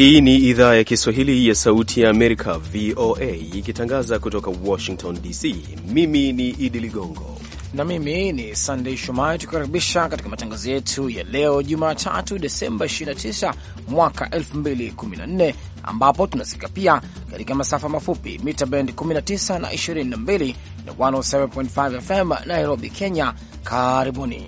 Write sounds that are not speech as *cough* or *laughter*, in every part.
Hii ni idhaa ya Kiswahili ya Sauti ya Amerika, VOA, ikitangaza kutoka Washington DC. Mimi ni Idi Ligongo na mimi ni Sandei Shomari, tukikaribisha katika matangazo yetu ya leo Jumatatu, Desemba 29 mwaka 2014, ambapo tunasikika pia katika masafa mafupi mita bend 19 na 22 na 107.5 FM Nairobi, Kenya. Karibuni.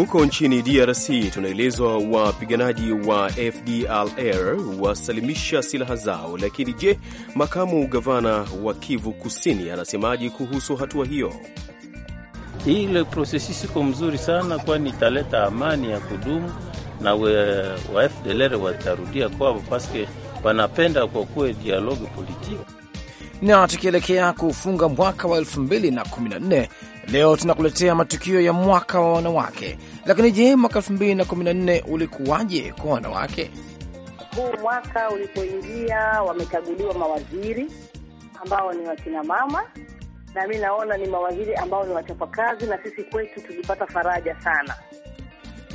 Huko nchini DRC tunaelezwa wapiganaji wa FDLR wasalimisha silaha zao, lakini je, makamu gavana wa Kivu Kusini anasemaje kuhusu hatua hiyo? Ile prosesi siko mzuri sana, kwani italeta amani ya kudumu na we, wa FDLR watarudia kwao paske wanapenda kwa kuwe dialogue politiki na tukielekea kufunga mwaka wa 2014 leo tunakuletea matukio ya mwaka wa wanawake. Lakini je, mwaka 2014 ulikuwaje kwa wanawake? Huu mwaka ulipoingia, wamechaguliwa mawaziri ambao ni wakina mama, na mi naona ni mawaziri ambao ni wachapakazi, na sisi kwetu tulipata faraja sana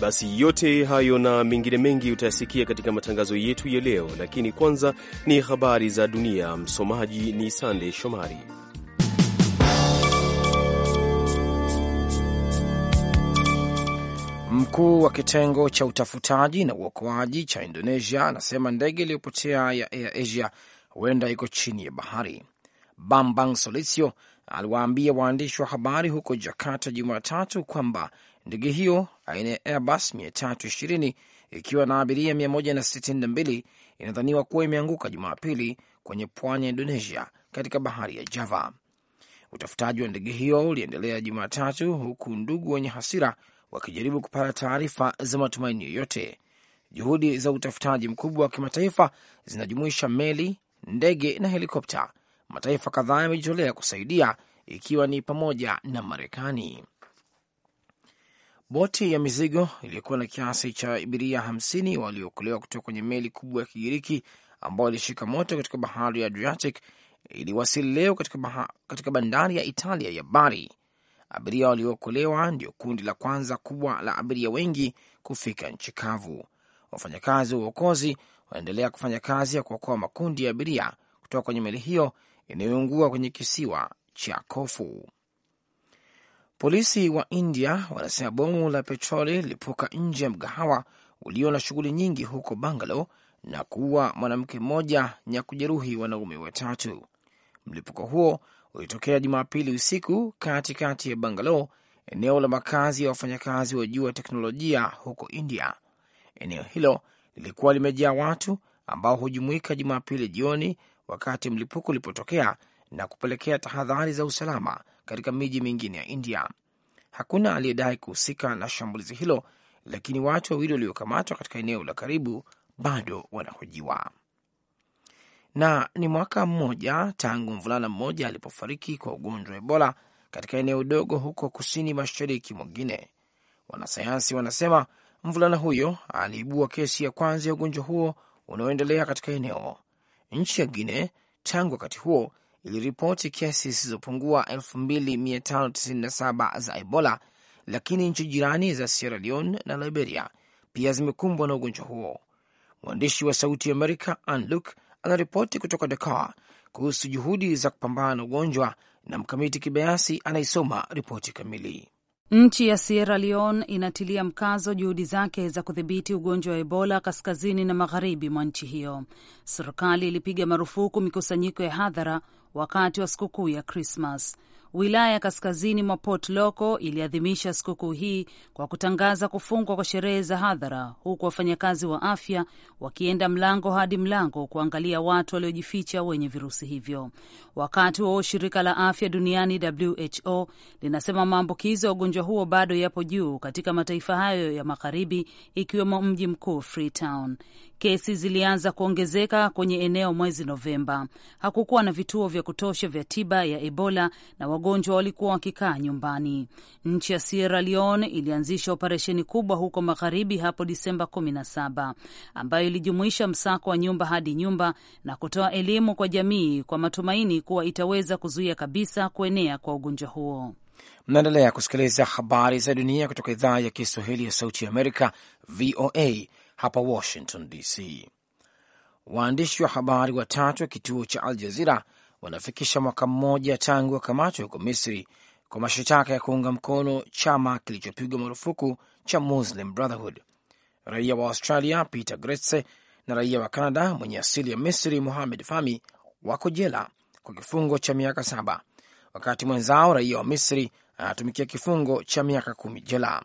basi yote hayo na mengine mengi utayasikia katika matangazo yetu ya leo, lakini kwanza ni habari za dunia. Msomaji ni Sande Shomari. Mkuu wa kitengo cha utafutaji na uokoaji cha Indonesia anasema ndege iliyopotea ya Air Asia huenda iko chini ya bahari. Bambang Solicio aliwaambia waandishi wa habari huko Jakarta Jumatatu kwamba Ndege hiyo aina ya Airbus 320 ikiwa na abiria 162 inadhaniwa kuwa imeanguka Jumapili kwenye pwani ya Indonesia katika bahari ya Java. Utafutaji wa ndege hiyo uliendelea Jumatatu, huku ndugu wenye hasira wakijaribu kupata taarifa za matumaini yoyote. Juhudi za utafutaji mkubwa wa kimataifa zinajumuisha meli, ndege na helikopta. Mataifa kadhaa yamejitolea kusaidia, ikiwa ni pamoja na Marekani. Boti ya mizigo iliyokuwa na kiasi cha abiria hamsini waliookolewa kutoka kwenye meli kubwa ya Kigiriki ambayo ilishika moto katika bahari ya Adriatic iliwasili leo katika, katika bandari ya Italia ya Bari. Abiria waliookolewa ndio kundi la kwanza kubwa la abiria wengi kufika nchi kavu. Wafanyakazi wa uokozi wanaendelea kufanya kazi ya kuokoa makundi ya abiria kutoka kwenye meli hiyo inayoungua kwenye kisiwa cha Kofu. Polisi wa India wanasema bomu la petroli lilipuka nje ya mgahawa ulio na shughuli nyingi huko Bangalo na kuua mwanamke mmoja na kujeruhi wanaume watatu. Mlipuko huo ulitokea Jumapili usiku katikati kati ya Bangalo, eneo la makazi ya wafanyakazi wa juu wa teknolojia huko India. Eneo hilo lilikuwa limejaa watu ambao hujumuika Jumapili jioni wakati mlipuko ulipotokea na kupelekea tahadhari za usalama katika miji mingine ya India. Hakuna aliyedai kuhusika na shambulizi hilo, lakini watu wawili waliokamatwa katika eneo la karibu bado wanahojiwa. Na ni mwaka mmoja tangu mvulana mmoja alipofariki kwa ugonjwa wa Ebola katika eneo dogo huko kusini mashariki mwingine. Wanasayansi wanasema mvulana huyo aliibua kesi ya kwanza ya ugonjwa huo unaoendelea katika eneo. Nchi ya Guine tangu wakati huo iliripoti kesi zisizopungua 2597 za Ebola, lakini nchi jirani za Sierra Leone na Liberia pia zimekumbwa na ugonjwa huo. Mwandishi wa Sauti ya Amerika Ann anaripoti kutoka Dakar kuhusu juhudi za kupambana na ugonjwa, na Mkamiti Kibayasi anaisoma ripoti kamili. Nchi ya Sierra Leone inatilia mkazo juhudi zake za kudhibiti ugonjwa wa Ebola kaskazini na magharibi mwa nchi hiyo. Serikali ilipiga marufuku mikusanyiko ya hadhara wakati wa sikukuu ya Krismas. Wilaya ya kaskazini mwa Port Loko iliadhimisha sikukuu hii kwa kutangaza kufungwa kwa sherehe za hadhara, huku wafanyakazi wa afya wakienda mlango hadi mlango kuangalia watu waliojificha wenye virusi hivyo. Wakati huo shirika la afya duniani WHO linasema maambukizo ya ugonjwa huo bado yapo juu katika mataifa hayo ya magharibi, ikiwemo mji mkuu Freetown. Kesi zilianza kuongezeka kwenye eneo mwezi Novemba. Hakukuwa na vituo vya kutosha vya tiba ya Ebola na wagonjwa walikuwa wakikaa nyumbani. Nchi ya Sierra Leone ilianzisha operesheni kubwa huko magharibi hapo Disemba 17 ambayo ilijumuisha msako wa nyumba hadi nyumba na kutoa elimu kwa jamii kwa matumaini kuwa itaweza kuzuia kabisa kuenea kwa ugonjwa huo. Mnaendelea kusikiliza habari za dunia kutoka idhaa ya Kiswahili ya Sauti ya Amerika, VOA hapa Washington DC. Waandishi wa habari watatu wa kituo cha Al Jazira wanafikisha mwaka mmoja tangu wakamatwe huko Misri kwa mashitaka ya kuunga mkono chama kilichopigwa marufuku cha Muslim Brotherhood. Raia wa Australia Peter Gretse na raia wa Canada mwenye asili ya Misri muhamed fami wako jela kwa kifungo cha miaka saba wakati mwenzao raia wa Misri anatumikia kifungo cha miaka kumi jela.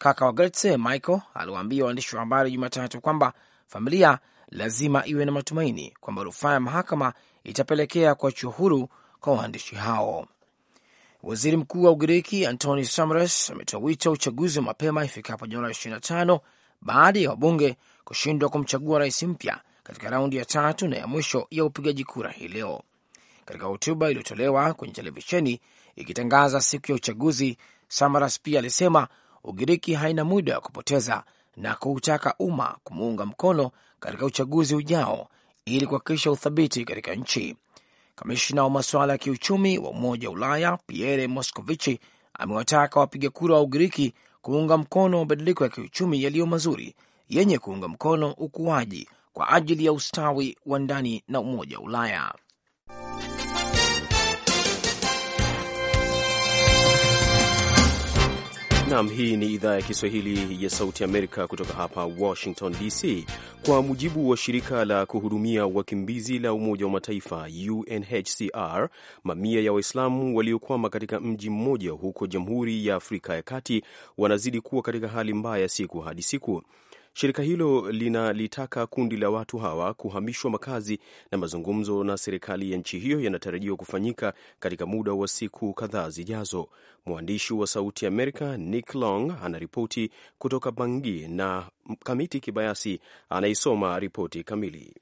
Kaka wa Goetze Michael aliwaambia waandishi wa habari Jumatatu kwamba familia lazima iwe na matumaini kwamba rufaa ya mahakama itapelekea kuachiwa huru kwa waandishi hao. Waziri Mkuu wa Ugiriki Antoni Samaras ametoa wito uchaguzi wa mapema ifikapo Januari 25 baada ya wabunge kushindwa kumchagua rais mpya katika raundi ya tatu na ya mwisho ya upigaji kura hii leo. Katika hotuba iliyotolewa kwenye televisheni ikitangaza siku ya uchaguzi, Samaras pia alisema Ugiriki haina muda wa kupoteza na kuutaka umma kumuunga mkono katika uchaguzi ujao ili kuhakikisha uthabiti katika nchi. Kamishna wa masuala ya kiuchumi wa Umoja wa Ulaya Pierre Moscovici amewataka wapiga kura wa Ugiriki kuunga mkono mabadiliko ya kiuchumi yaliyo mazuri yenye kuunga mkono ukuaji kwa ajili ya ustawi wa ndani na Umoja wa Ulaya. nam hii ni idhaa ya Kiswahili ya Sauti Amerika kutoka hapa Washington DC. Kwa mujibu wa shirika la kuhudumia wakimbizi la Umoja wa Mataifa UNHCR, mamia ya Waislamu waliokwama katika mji mmoja huko Jamhuri ya Afrika ya Kati wanazidi kuwa katika hali mbaya siku hadi siku. Shirika hilo linalitaka kundi la watu hawa kuhamishwa makazi na mazungumzo na serikali ya nchi hiyo yanatarajiwa kufanyika katika muda wa siku kadhaa zijazo. Mwandishi wa Sauti Amerika Nick Long anaripoti kutoka Bangi na Kamiti Kibayasi anaisoma ripoti kamili.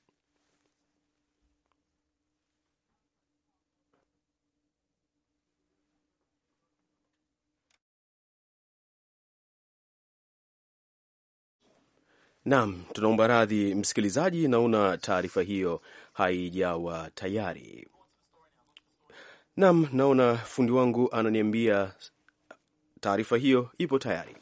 Naam, tunaomba radhi msikilizaji, naona taarifa hiyo haijawa tayari. Naam, naona fundi wangu ananiambia taarifa hiyo ipo tayari.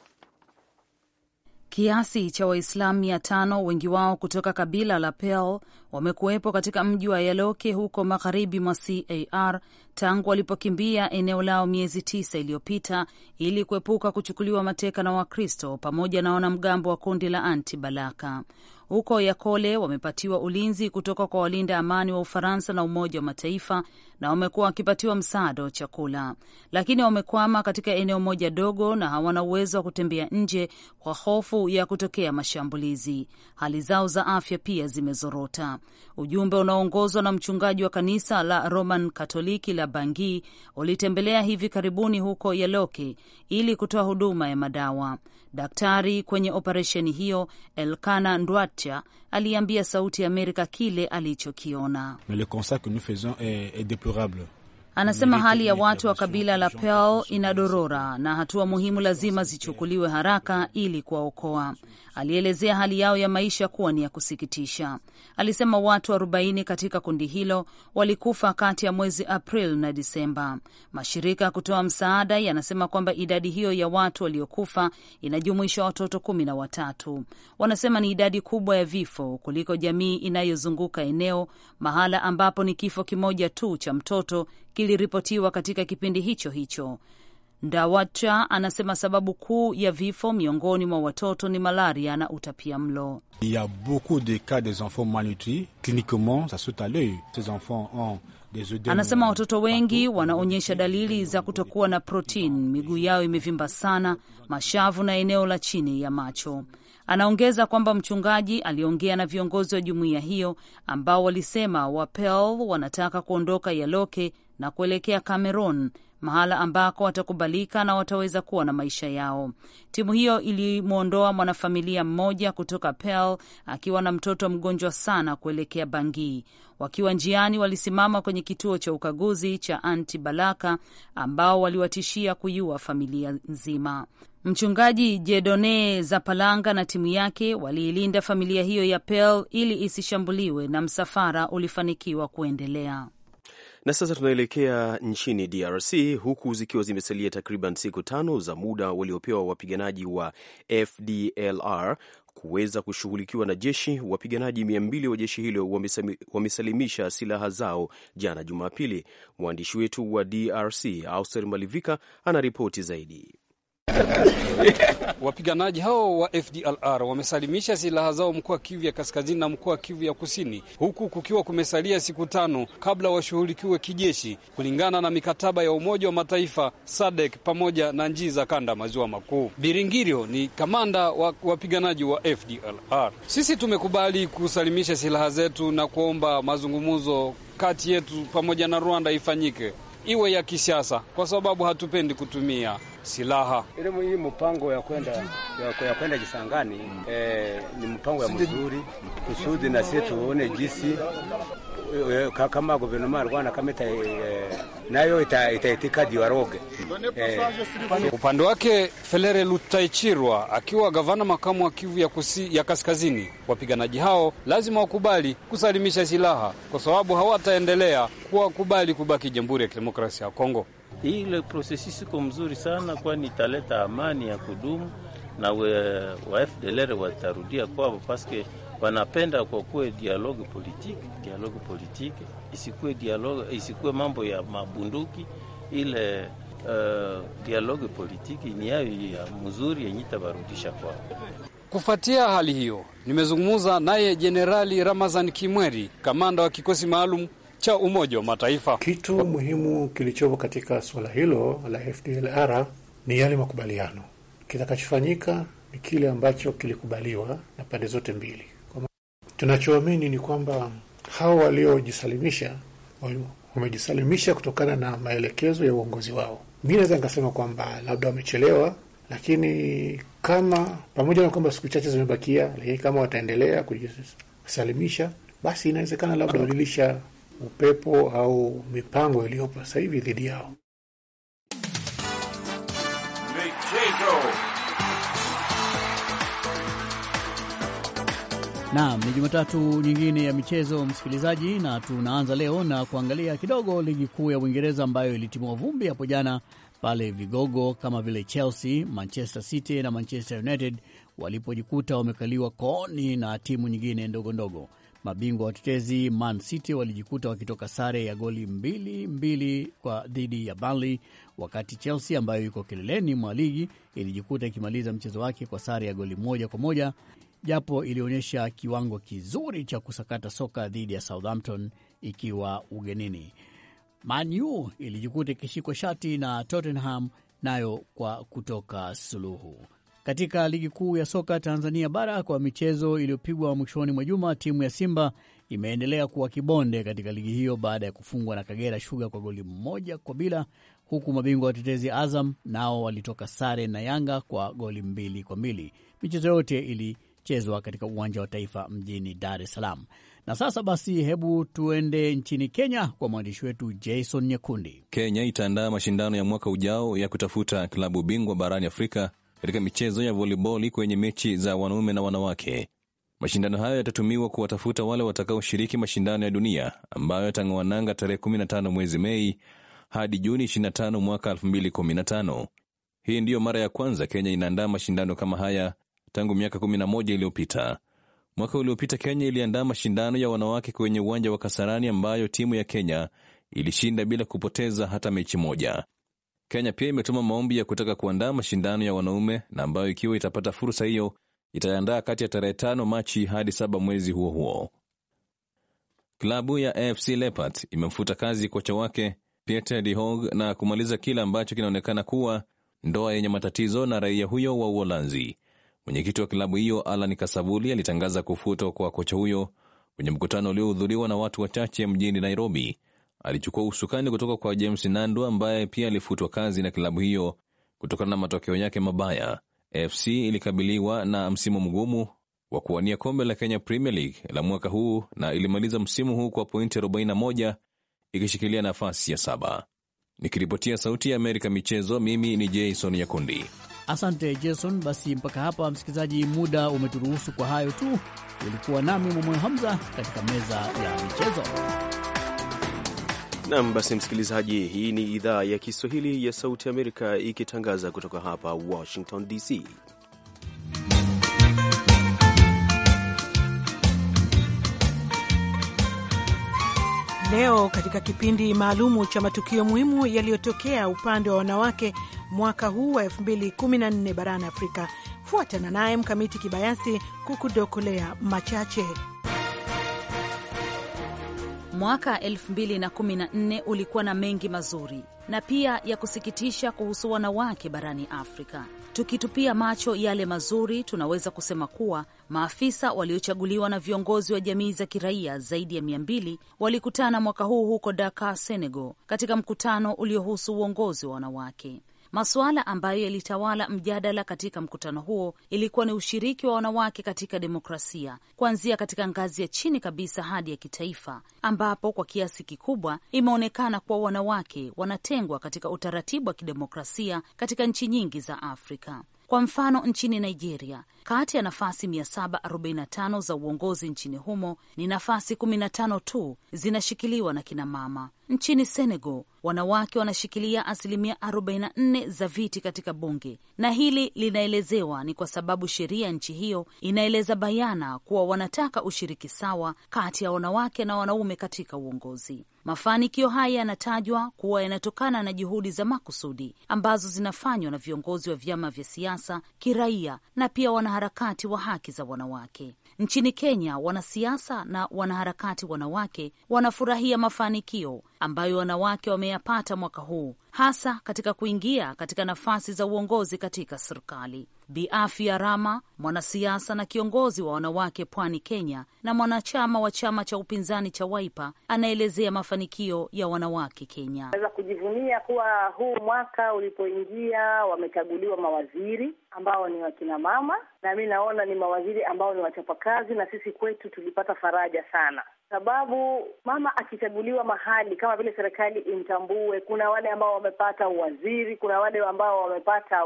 Kiasi cha Waislamu mia tano, wengi wao kutoka kabila la Pel, wamekuwepo katika mji wa Yaloke huko magharibi mwa CAR tangu walipokimbia eneo lao miezi tisa iliyopita ili kuepuka kuchukuliwa mateka na Wakristo pamoja na wanamgambo wa kundi la Anti Balaka. Huko Yakole wamepatiwa ulinzi kutoka kwa walinda amani wa Ufaransa na Umoja wa Mataifa na wamekuwa wakipatiwa msaada wa chakula, lakini wamekwama katika eneo moja dogo na hawana uwezo wa kutembea nje kwa hofu ya kutokea mashambulizi. Hali zao za afya pia zimezorota. Ujumbe unaoongozwa na mchungaji wa kanisa la Roman Katoliki la Bangi ulitembelea hivi karibuni huko Yaloke ili kutoa huduma ya madawa. Daktari kwenye operesheni hiyo Elkana Ndwat Kapcha aliambia Sauti ya Amerika kile alichokiona. Anasema hali ya watu wa kabila la Peul inadorora na hatua muhimu lazima zichukuliwe haraka ili kuwaokoa alielezea hali yao ya maisha kuwa ni ya kusikitisha. Alisema watu 40 katika kundi hilo walikufa kati ya mwezi April na Disemba. Mashirika ya kutoa msaada yanasema kwamba idadi hiyo ya watu waliokufa inajumuisha watoto kumi na watatu. Wanasema ni idadi kubwa ya vifo kuliko jamii inayozunguka eneo, mahala ambapo ni kifo kimoja tu cha mtoto kiliripotiwa katika kipindi hicho hicho. Ndawacha anasema sababu kuu ya vifo miongoni mwa watoto ni malaria na utapia mlo. Il y a beaucoup de cas des enfants malnutris cliniquement ça saute ces enfants ont Anasema watoto wengi wanaonyesha dalili za kutokuwa na protini, miguu yao imevimba sana, mashavu na eneo la chini ya macho. Anaongeza kwamba mchungaji aliongea na viongozi wa jumuiya hiyo ambao walisema Wapel wanataka kuondoka Yaloke na kuelekea Cameroon mahala ambako watakubalika na wataweza kuwa na maisha yao. Timu hiyo ilimwondoa mwanafamilia mmoja kutoka Pel akiwa na mtoto mgonjwa sana kuelekea Bangui. Wakiwa njiani, walisimama kwenye kituo cha ukaguzi cha Anti Balaka ambao waliwatishia kuiua familia nzima. Mchungaji Jedone Zapalanga na timu yake waliilinda familia hiyo ya Pel ili isishambuliwe na msafara ulifanikiwa kuendelea. Na sasa tunaelekea nchini DRC huku zikiwa zimesalia takriban siku tano za muda waliopewa wapiganaji wa FDLR kuweza kushughulikiwa na jeshi. Wapiganaji mia mbili wa jeshi hilo wamesalimisha silaha zao jana Jumapili. Mwandishi wetu wa DRC Auster Malivika anaripoti zaidi. *laughs* Wapiganaji hao wa FDLR wamesalimisha silaha zao mkoa wa Kivu ya kaskazini na mkoa wa Kivu ya kusini, huku kukiwa kumesalia siku tano kabla washughulikiwe kijeshi kulingana na mikataba ya Umoja wa Mataifa, SADC pamoja na njii za kanda maziwa makuu. Biringirio ni kamanda wa wapiganaji wa FDLR. Sisi tumekubali kusalimisha silaha zetu na kuomba mazungumzo kati yetu pamoja na Rwanda ifanyike iwe ya kisiasa, kwa sababu hatupendi kutumia silaha. Ile hii mpango ya kwenda ya kwenda Kisangani mm. eh, ni mpango ya mzuri kusudi na sisi tuone jinsi Eh, kama guverinoma ya Rwanda kama eh, ita, nayo itaitika ita eh, Upande wake Felere Lutaichirwa akiwa gavana makamu wa Kivu ya, kusi, ya kaskazini, wapiganaji hao lazima wakubali kusalimisha silaha kwa sababu hawataendelea kuwakubali kubaki Jamhuri ya Kidemokrasia ya Kongo. Ile prosesi siko mzuri sana, kwani italeta amani ya kudumu na we, wa FDLR watarudia kwao paske wanapenda kwa kuwe dialogue politiki, dialogue politique isikuwe dialogue, isikuwe mambo ya mabunduki ile Uh, dialogue politiki ni yayo ya mzuri yenye itabarudisha kwao. Kufuatia hali hiyo, nimezungumza naye Jenerali Ramazan Kimweri, kamanda wa kikosi maalum cha Umoja wa Mataifa. Kitu muhimu kilichopo katika suala hilo la FDLR ni yale makubaliano. Kitakachofanyika ni kile ambacho kilikubaliwa na pande zote mbili. Tunachoamini ni kwamba hawa waliojisalimisha wamejisalimisha kutokana na maelekezo ya uongozi wao. Mi naweza nikasema kwamba labda wamechelewa, lakini kama pamoja na kwamba siku chache zimebakia, lakini kama wataendelea kujisalimisha, basi inawezekana labda walilisha upepo au mipango iliyopo sasa hivi dhidi yao. Naam, ni Jumatatu nyingine ya michezo msikilizaji, na tunaanza leo na kuangalia kidogo ligi kuu ya Uingereza ambayo ilitimua vumbi hapo jana pale vigogo kama vile Chelsea, Manchester City na Manchester United walipojikuta wamekaliwa kooni na timu nyingine ndogo ndogo. Mabingwa watetezi Man City walijikuta wakitoka sare ya goli mbili mbili kwa dhidi ya Burnley, wakati Chelsea ambayo iko kileleni mwa ligi ilijikuta ikimaliza mchezo wake kwa sare ya goli moja kwa moja japo ilionyesha kiwango kizuri cha kusakata soka dhidi ya Southampton ikiwa ugenini. Man U ilijikuta ikishikwa shati na Tottenham nayo kwa kutoka suluhu. Katika ligi kuu ya soka Tanzania bara kwa michezo iliyopigwa mwishoni mwa juma, timu ya Simba imeendelea kuwa kibonde katika ligi hiyo baada ya kufungwa na Kagera Sugar kwa goli moja kwa bila, huku mabingwa watetezi Azam nao walitoka sare na Yanga kwa goli mbili kwa mbili. Michezo yote ili kuchezwa katika uwanja wa taifa mjini Dar es Salaam. Na sasa basi, hebu tuende nchini Kenya kwa mwandishi wetu Jason Nyekundi. Kenya itaandaa mashindano ya mwaka ujao ya kutafuta klabu bingwa barani Afrika katika michezo ya voliboli kwenye mechi za wanaume na wanawake. Mashindano hayo yatatumiwa kuwatafuta wale watakaoshiriki mashindano ya dunia ambayo yatangawananga tarehe 15 mwezi Mei hadi Juni 25 mwaka 2015. Hii ndiyo mara ya kwanza Kenya inaandaa mashindano kama haya tangu miaka 11 iliyopita. Mwaka uliopita Kenya iliandaa mashindano ya wanawake kwenye uwanja wa Kasarani ambayo timu ya Kenya ilishinda bila kupoteza hata mechi moja. Kenya pia imetuma maombi ya kutaka kuandaa mashindano ya wanaume na ambayo ikiwa itapata fursa hiyo itaandaa kati ya tarehe 5 Machi hadi saba mwezi huo huo. Klabu ya AFC Leopards imemfuta kazi kocha wake Pieter de Hog na kumaliza kile ambacho kinaonekana kuwa ndoa yenye matatizo na raia huyo wa Uholanzi. Mwenyekiti wa klabu hiyo Alan Kasavuli alitangaza kufutwa kwa kocha huyo kwenye mkutano uliohudhuriwa na watu wachache mjini Nairobi. Alichukua usukani kutoka kwa James Nandu ambaye pia alifutwa kazi na klabu hiyo kutokana na matokeo yake mabaya. fc ilikabiliwa na msimu mgumu wa kuwania kombe la Kenya Premier League la mwaka huu na ilimaliza msimu huu kwa pointi 41 ikishikilia nafasi ya saba. Nikiripotia Sauti ya Amerika michezo, mimi ni Jason Yakundi. Asante Jason. Basi mpaka hapa, msikilizaji, muda umeturuhusu. Kwa hayo tu, ulikuwa nami Mwamoyo Hamza katika meza ya michezo. Nam, basi msikilizaji, hii ni idhaa ya Kiswahili ya Sauti Amerika ikitangaza kutoka hapa Washington DC. Leo katika kipindi maalumu cha matukio muhimu yaliyotokea upande wa wanawake mwaka huu wa 2014 barani Afrika, fuatana naye Mkamiti Kibayasi kukudokolea machache. Mwaka 2014 ulikuwa na mengi mazuri na pia ya kusikitisha kuhusu wanawake barani Afrika. Tukitupia macho yale mazuri, tunaweza kusema kuwa maafisa waliochaguliwa na viongozi wa jamii za kiraia zaidi ya mia mbili walikutana mwaka huu huko Dakar, Senegal, katika mkutano uliohusu uongozi wa wanawake. Masuala ambayo yalitawala mjadala katika mkutano huo ilikuwa ni ushiriki wa wanawake katika demokrasia, kuanzia katika ngazi ya chini kabisa hadi ya kitaifa, ambapo kwa kiasi kikubwa imeonekana kuwa wanawake wanatengwa katika utaratibu wa kidemokrasia katika nchi nyingi za Afrika. Kwa mfano nchini Nigeria, kati ya nafasi 745 za uongozi nchini humo ni nafasi 15 tu zinashikiliwa na kinamama. Nchini Senegal wanawake wanashikilia asilimia 44 za viti katika bunge, na hili linaelezewa ni kwa sababu sheria ya nchi hiyo inaeleza bayana kuwa wanataka ushiriki sawa kati ya wanawake na wanaume katika uongozi. Mafanikio haya yanatajwa kuwa yanatokana na juhudi za makusudi ambazo zinafanywa na viongozi wa vyama vya siasa, kiraia na pia wanaharakati wa haki za wanawake. Nchini Kenya, wanasiasa na wanaharakati wanawake wanafurahia mafanikio ambayo wanawake wameyapata mwaka huu, hasa katika kuingia katika nafasi za uongozi katika serikali. biafya Rama, mwanasiasa na kiongozi wa wanawake pwani Kenya na mwanachama wa chama cha upinzani cha Waipa, anaelezea mafanikio ya wanawake Kenya. Naweza kujivunia kuwa huu mwaka ulipoingia wamechaguliwa mawaziri ambao ni wakina mama, na mi naona ni mawaziri ambao ni wachapakazi, na sisi kwetu tulipata faraja sana, sababu mama akichaguliwa mahali kama vile serikali imtambue. Kuna wale ambao wamepata uwaziri, kuna wale ambao wamepata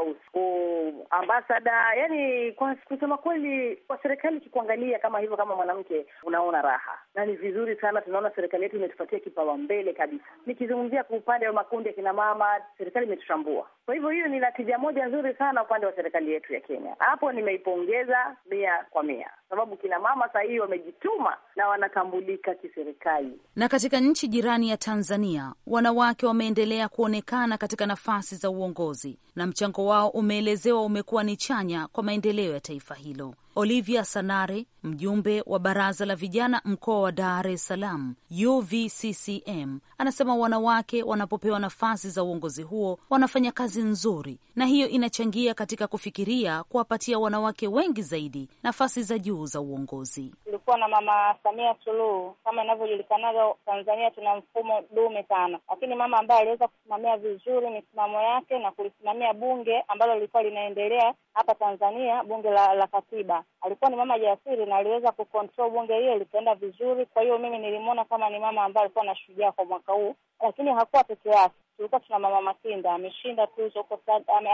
ambasada. Yani kwa kusema kweli, kwa serikali ikikuangalia kama hivyo, kama mwanamke unaona raha, na ni vizuri sana. Tunaona serikali yetu imetupatia kipawa mbele kabisa. Nikizungumzia kwa upande wa makundi ya kinamama, serikali imetutambua Kwa hivyo hiyo ni natija moja nzuri sana upande wa serikali serikali yetu ya Kenya. Hapo nimeipongeza mia kwa mia, sababu kina mama saa hii wamejituma na wanatambulika kiserikali. Na katika nchi jirani ya Tanzania, wanawake wameendelea kuonekana katika nafasi za uongozi na mchango wao umeelezewa umekuwa ni chanya kwa maendeleo ya taifa hilo. Olivia Sanare Mjumbe wa baraza la vijana mkoa wa Dar es Salaam UVCCM anasema wanawake wanapopewa nafasi za uongozi huo wanafanya kazi nzuri, na hiyo inachangia katika kufikiria kuwapatia wanawake wengi zaidi nafasi za juu za uongozi. Tulikuwa na Mama Samia Suluhu, kama inavyojulikanavyo, Tanzania tuna mfumo dume sana, lakini mama ambaye aliweza kusimamia vizuri misimamo yake na kulisimamia bunge ambalo lilikuwa linaendelea hapa Tanzania, bunge la, la katiba, alikuwa ni mama jasiri na aliweza kucontrol bunge hilo likaenda vizuri. Kwa hiyo mimi nilimwona kama ni mama ambaye alikuwa na shujaa kwa mwaka huu, lakini hakuwa peke yake. Tulikuwa tuna mama makinda ameshinda tuzo huko,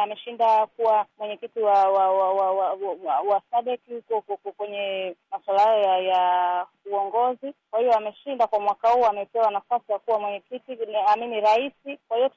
ameshinda kuwa mwenyekiti wa wa wa wa, wa, wa, wa SADC huko kwenye masuala hayo ya, ya uongozi. Kwa hiyo ameshinda kwa mwaka huu, amepewa nafasi ya kuwa mwenyekiti amini rais. Kwa hiyo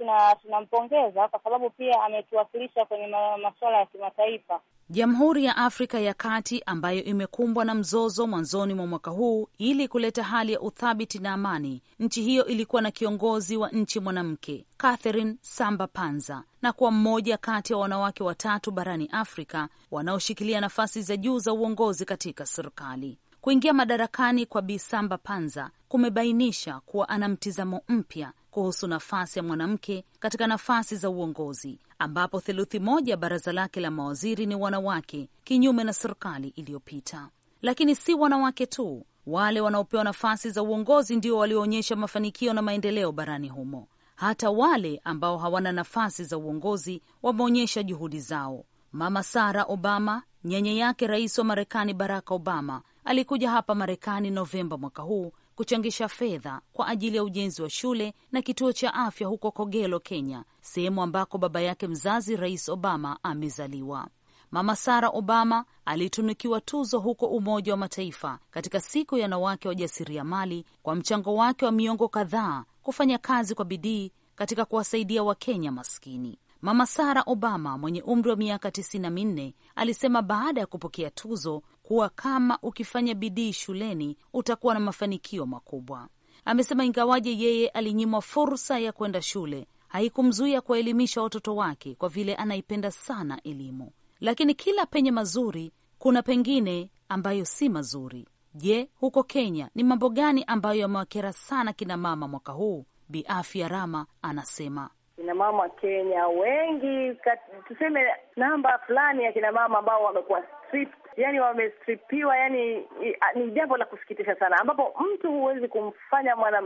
tunampongeza tuna kwa sababu pia ametuwakilisha kwenye masuala ya kimataifa. Jamhuri ya Afrika ya Kati ambayo imekumbwa na mzozo mwanzoni mwa mwaka huu, ili kuleta hali ya uthabiti na amani, nchi hiyo ilikuwa na kiongozi wa nchi mwanamke Catherine Samba Panza na kuwa mmoja kati ya wanawake watatu barani Afrika wanaoshikilia nafasi za juu za uongozi katika serikali. Kuingia madarakani kwa Bi Samba Panza kumebainisha kuwa ana mtizamo mpya kuhusu nafasi ya mwanamke katika nafasi za uongozi ambapo theluthi moja ya baraza lake la mawaziri ni wanawake, kinyume na serikali iliyopita. Lakini si wanawake tu, wale wanaopewa nafasi za uongozi ndio walioonyesha mafanikio na maendeleo barani humo. Hata wale ambao hawana nafasi za uongozi wameonyesha juhudi zao. Mama Sara Obama, nyenye yake rais wa Marekani Barack Obama, alikuja hapa Marekani Novemba mwaka huu kuchangisha fedha kwa ajili ya ujenzi wa shule na kituo cha afya huko Kogelo, Kenya, sehemu ambako baba yake mzazi Rais Obama amezaliwa. Mama Sara Obama alitunukiwa tuzo huko Umoja wa Mataifa katika siku ya wanawake wajasiriamali kwa mchango wake wa miongo kadhaa kufanya kazi kwa bidii katika kuwasaidia Wakenya maskini. Mama Sara Obama mwenye umri wa miaka 94 alisema baada ya kupokea tuzo kuwa kama ukifanya bidii shuleni utakuwa na mafanikio makubwa. Amesema ingawaje yeye alinyimwa fursa ya kwenda shule, haikumzuia kuwaelimisha watoto wake kwa vile anaipenda sana elimu. Lakini kila penye mazuri kuna pengine ambayo si mazuri. Je, huko Kenya ni mambo gani ambayo yamewakera sana kinamama mwaka huu? biafya Rama anasema kinamama Kenya wengi kat, tuseme namba fulani ya kinamama ambao wamekuwa stripped yani wamestripiwa, yani ni jambo la kusikitisha sana, ambapo mtu huwezi kumfanya mwana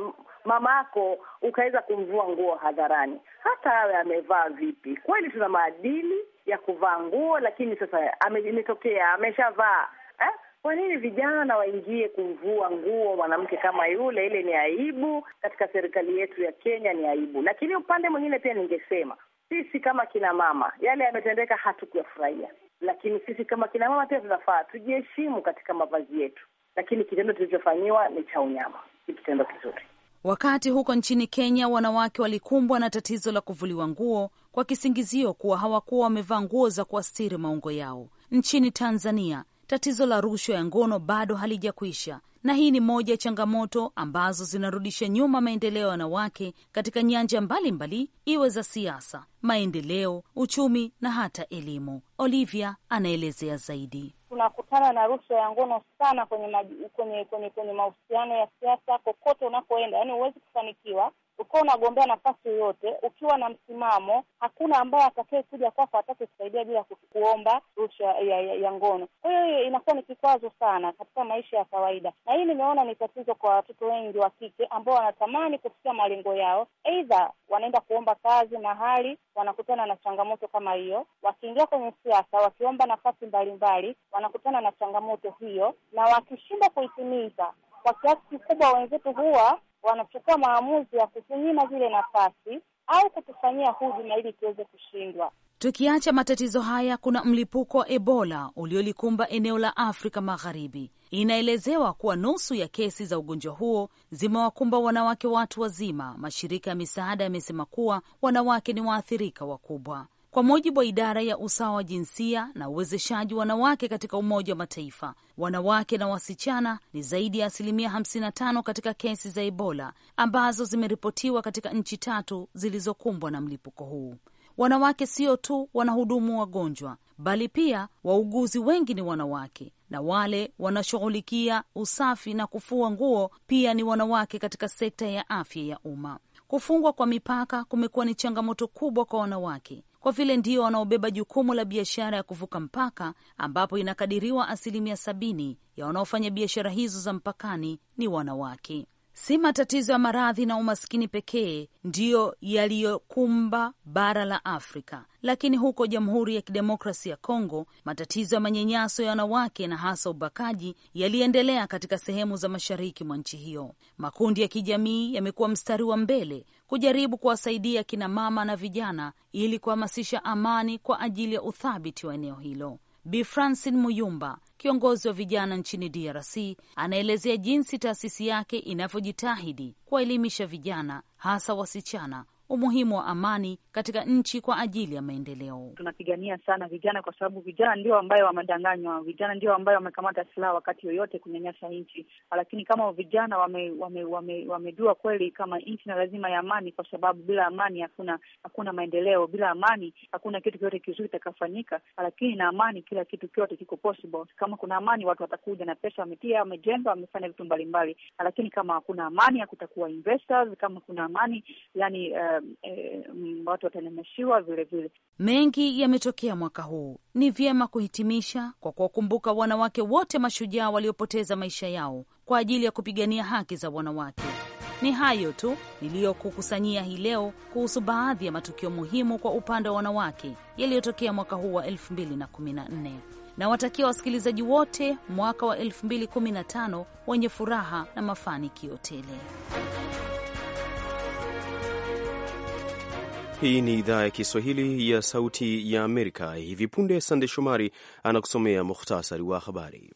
yako ukaweza kumvua nguo hadharani, hata awe amevaa vipi. Kweli tuna maadili ya kuvaa nguo, lakini sasa imetokea ameshavaa eh? Kwa nini vijana waingie kumvua nguo mwanamke kama yule? Ile ni aibu katika serikali yetu ya Kenya, ni aibu. Lakini upande mwingine pia ningesema sisi kama kina mama, yale yametendeka hatukuyafurahia, lakini sisi kama kina mama pia tunafaa tujiheshimu katika mavazi yetu, lakini kitendo tulichofanyiwa ni cha unyama, ni kitendo kizuri. Wakati huko nchini Kenya wanawake walikumbwa na tatizo la kuvuliwa nguo kwa kisingizio kuwa hawakuwa wamevaa nguo za kuastiri maungo yao. Nchini Tanzania tatizo la rushwa ya ngono bado halijakwisha na hii ni moja ya changamoto ambazo zinarudisha nyuma maendeleo ya wanawake katika nyanja mbalimbali, iwe za siasa, maendeleo, uchumi na hata elimu. Olivia anaelezea zaidi. Tunakutana na rushwa ya ngono sana kwenye kwenye kwenye, kwenye mahusiano ya siasa, kokote unakoenda, yaani huwezi kufanikiwa ukiwa unagombea nafasi yoyote, ukiwa na msimamo, hakuna ambaye atakaye kuja kwako atake kusaidia bila kuomba rushwa ya, ya, ya ngono. Kwa hiyo inakuwa ni kikwazo sana katika maisha ya kawaida, na hii nimeona ni tatizo kwa watoto wengi wa kike ambao wanatamani kufikia malengo yao, aidha wanaenda kuomba kazi mahali wanakutana na changamoto kama hiyo, wakiingia kwenye siasa wakiomba nafasi mbalimbali wanakutana na changamoto hiyo, na wakishindwa kuitimiza kwa kiasi kikubwa wenzetu huwa wanachukua maamuzi ya kutunyima zile nafasi au kutufanyia huduma ili tuweze kushindwa. Tukiacha matatizo haya, kuna mlipuko wa Ebola uliolikumba eneo la Afrika Magharibi. Inaelezewa kuwa nusu ya kesi za ugonjwa huo zimewakumba wanawake watu wazima. Mashirika ya misaada yamesema kuwa wanawake ni waathirika wakubwa. Kwa mujibu wa idara ya usawa wa jinsia na uwezeshaji wanawake katika Umoja wa Mataifa, wanawake na wasichana ni zaidi ya asilimia 55 katika kesi za Ebola ambazo zimeripotiwa katika nchi tatu zilizokumbwa na mlipuko huu. Wanawake sio tu wanahudumu wagonjwa, bali pia wauguzi wengi ni wanawake, na wale wanashughulikia usafi na kufua nguo pia ni wanawake katika sekta ya afya ya umma. Kufungwa kwa mipaka kumekuwa ni changamoto kubwa kwa wanawake kwa vile ndio wanaobeba jukumu la biashara ya kuvuka mpaka, ambapo inakadiriwa asilimia sabini ya wanaofanya biashara hizo za mpakani ni wanawake. Si matatizo ya maradhi na umaskini pekee ndiyo yaliyokumba bara la Afrika, lakini huko Jamhuri ya Kidemokrasi ya Kongo, matatizo ya manyanyaso ya wanawake na hasa ubakaji yaliendelea katika sehemu za mashariki mwa nchi hiyo. Makundi ya kijamii yamekuwa mstari wa mbele kujaribu kuwasaidia kinamama na vijana ili kuhamasisha amani kwa ajili ya uthabiti wa eneo hilo. Bi Francine Muyumba, kiongozi wa vijana nchini DRC, anaelezea jinsi taasisi yake inavyojitahidi kuwaelimisha vijana, hasa wasichana, umuhimu wa amani katika nchi kwa ajili ya maendeleo. Tunapigania sana vijana, kwa sababu vijana ndio ambayo wamedanganywa, vijana ndio ambayo wamekamata silaha wakati yoyote kunyanyasa nchi. Lakini kama vijana wamejua wame, wame, wame kweli kama nchi na lazima ya amani, kwa sababu bila amani hakuna hakuna maendeleo, bila amani hakuna kitu kyote kizuri kitakafanyika. Lakini na amani kila kitu kyote kiko possible. Kama kuna amani, watu watakuja na pesa, wametia, wamejenga, wamefanya vitu mbalimbali, lakini kama hakuna amani hakutakuwa investors. Kama kuna amani yani, uh, eh, eh mm, watu watu watanemeshiwa vilevile. Mengi yametokea mwaka huu, ni vyema kuhitimisha kwa kuwakumbuka wanawake wote mashujaa waliopoteza maisha yao kwa ajili ya kupigania haki za wanawake. Ni hayo tu niliyokukusanyia hii leo kuhusu baadhi ya matukio muhimu kwa upande wa wanawake yaliyotokea mwaka huu wa 2014 na watakia wasikilizaji wote mwaka wa 2015 wenye furaha na mafanikio tele. Hii ni idhaa ya Kiswahili ya Sauti ya Amerika. Hivi punde Sande Shomari anakusomea muhtasari wa habari.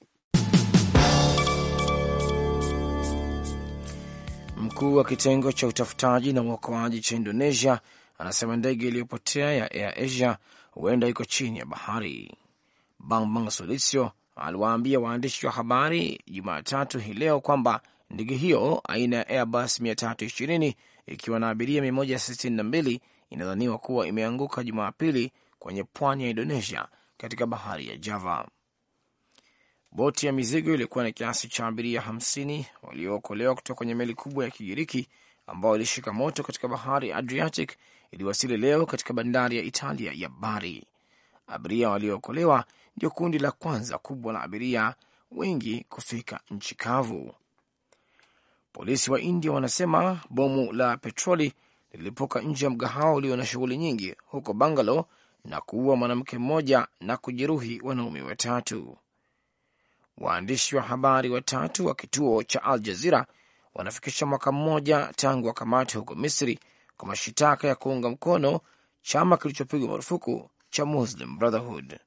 Mkuu wa kitengo cha utafutaji na uokoaji cha Indonesia anasema ndege iliyopotea ya Air Asia huenda iko chini ya bahari. Bambang Solisio aliwaambia waandishi wa habari Jumatatu hii leo kwamba ndege hiyo aina ya Airbus 320 ikiwa na abiria 162 inadhaniwa kuwa imeanguka Jumapili kwenye pwani ya Indonesia katika bahari ya Java. Boti ya mizigo ilikuwa na kiasi cha abiria hamsini waliookolewa kutoka kwenye meli kubwa ya Kigiriki ambayo ilishika moto katika bahari ya Adriatic iliwasili leo katika bandari ya Italia ya Bari. Abiria waliookolewa ndio kundi la kwanza kubwa la abiria wengi kufika nchi kavu. Polisi wa India wanasema bomu la petroli lilipuka nje ya mgahawa ulio na shughuli nyingi huko Bangalo na kuua mwanamke mmoja na kujeruhi wanaume watatu. Waandishi wa habari watatu wa kituo cha Al Jazira wanafikisha mwaka mmoja tangu wakamate huko Misri kwa mashitaka ya kuunga mkono chama kilichopigwa marufuku cha Muslim Brotherhood.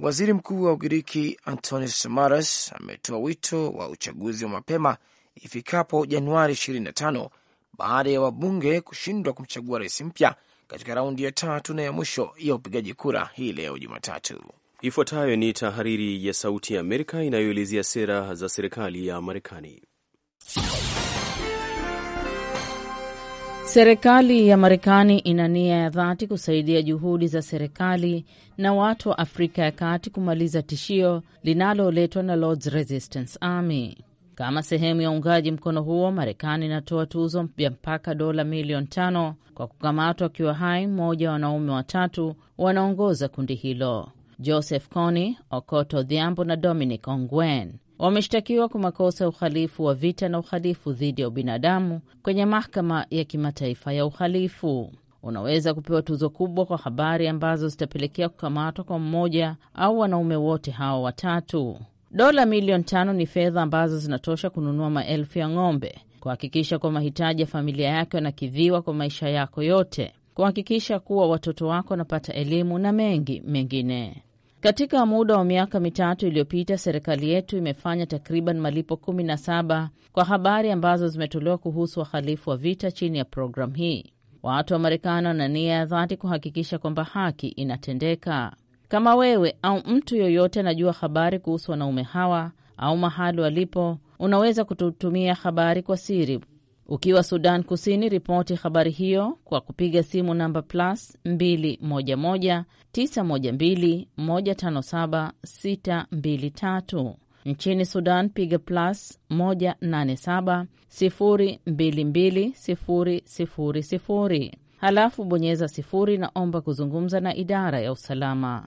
Waziri Mkuu wa Ugiriki Antonis Samaras ametoa wito wa uchaguzi wa mapema ifikapo Januari baada ya wabunge kushindwa kumchagua rais mpya katika raundi ya tatu na ya mwisho ya upigaji kura hii leo Jumatatu. Ifuatayo ni tahariri ya Sauti ya Amerika inayoelezea sera za serikali ya Marekani. Serikali ya Marekani ina nia ya dhati kusaidia juhudi za serikali na watu wa Afrika ya Kati kumaliza tishio linaloletwa na Lord's Resistance Army. Kama sehemu ya uungaji mkono huo, Marekani inatoa tuzo ya mpaka dola milioni tano kwa kukamatwa akiwa hai mmoja wa wanaume watatu wanaongoza kundi hilo. Joseph Kony, Okoto dhiambo na Dominic Ongwen wameshtakiwa kwa makosa ya uhalifu wa vita na uhalifu dhidi ya ubinadamu kwenye mahakama ya kimataifa ya uhalifu. Unaweza kupewa tuzo kubwa kwa habari ambazo zitapelekea kukamatwa kwa mmoja au wanaume wote hao watatu. Dola milioni tano ni fedha ambazo zinatosha kununua maelfu ya ng'ombe, kuhakikisha kuwa mahitaji ya familia yake yanakidhiwa kwa maisha yako yote, kuhakikisha kuwa watoto wako wanapata elimu na mengi mengine. Katika muda wa miaka mitatu iliyopita, serikali yetu imefanya takriban malipo 17 kwa habari ambazo zimetolewa kuhusu wahalifu wa vita chini ya programu hii. Watu wa Marekani wana nia ya dhati kuhakikisha kwamba haki inatendeka. Kama wewe au mtu yoyote anajua habari kuhusu wanaume hawa au mahali walipo, unaweza kututumia habari kwa siri. Ukiwa Sudan Kusini, ripoti habari hiyo kwa kupiga simu namba plus 211912157623. Nchini Sudan piga plus 187 halafu bonyeza sifuri na omba kuzungumza na idara ya usalama.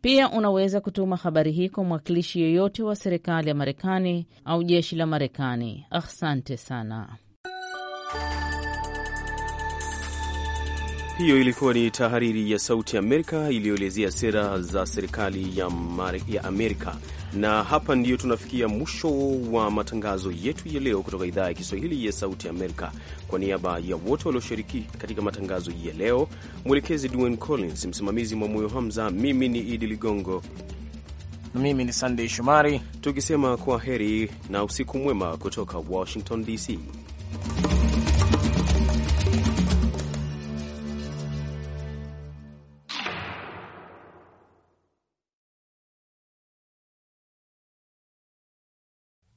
Pia unaweza kutuma habari hii kwa mwakilishi yoyote wa serikali ya Marekani au jeshi la Marekani. Asante sana. Hiyo ilikuwa ni tahariri ya Sauti ya Amerika iliyoelezea sera za serikali ya, ya Amerika. Na hapa ndiyo tunafikia mwisho wa matangazo yetu ya leo kutoka idhaa ya Kiswahili ya Sauti ya Amerika. Kwa niaba ya wote walioshiriki katika matangazo ya leo, mwelekezi Dwayne Collins, msimamizi mwa moyo Hamza, mimi ni Idi Ligongo na mimi ni Sandey Shomari, tukisema kwa heri na usiku mwema kutoka Washington DC.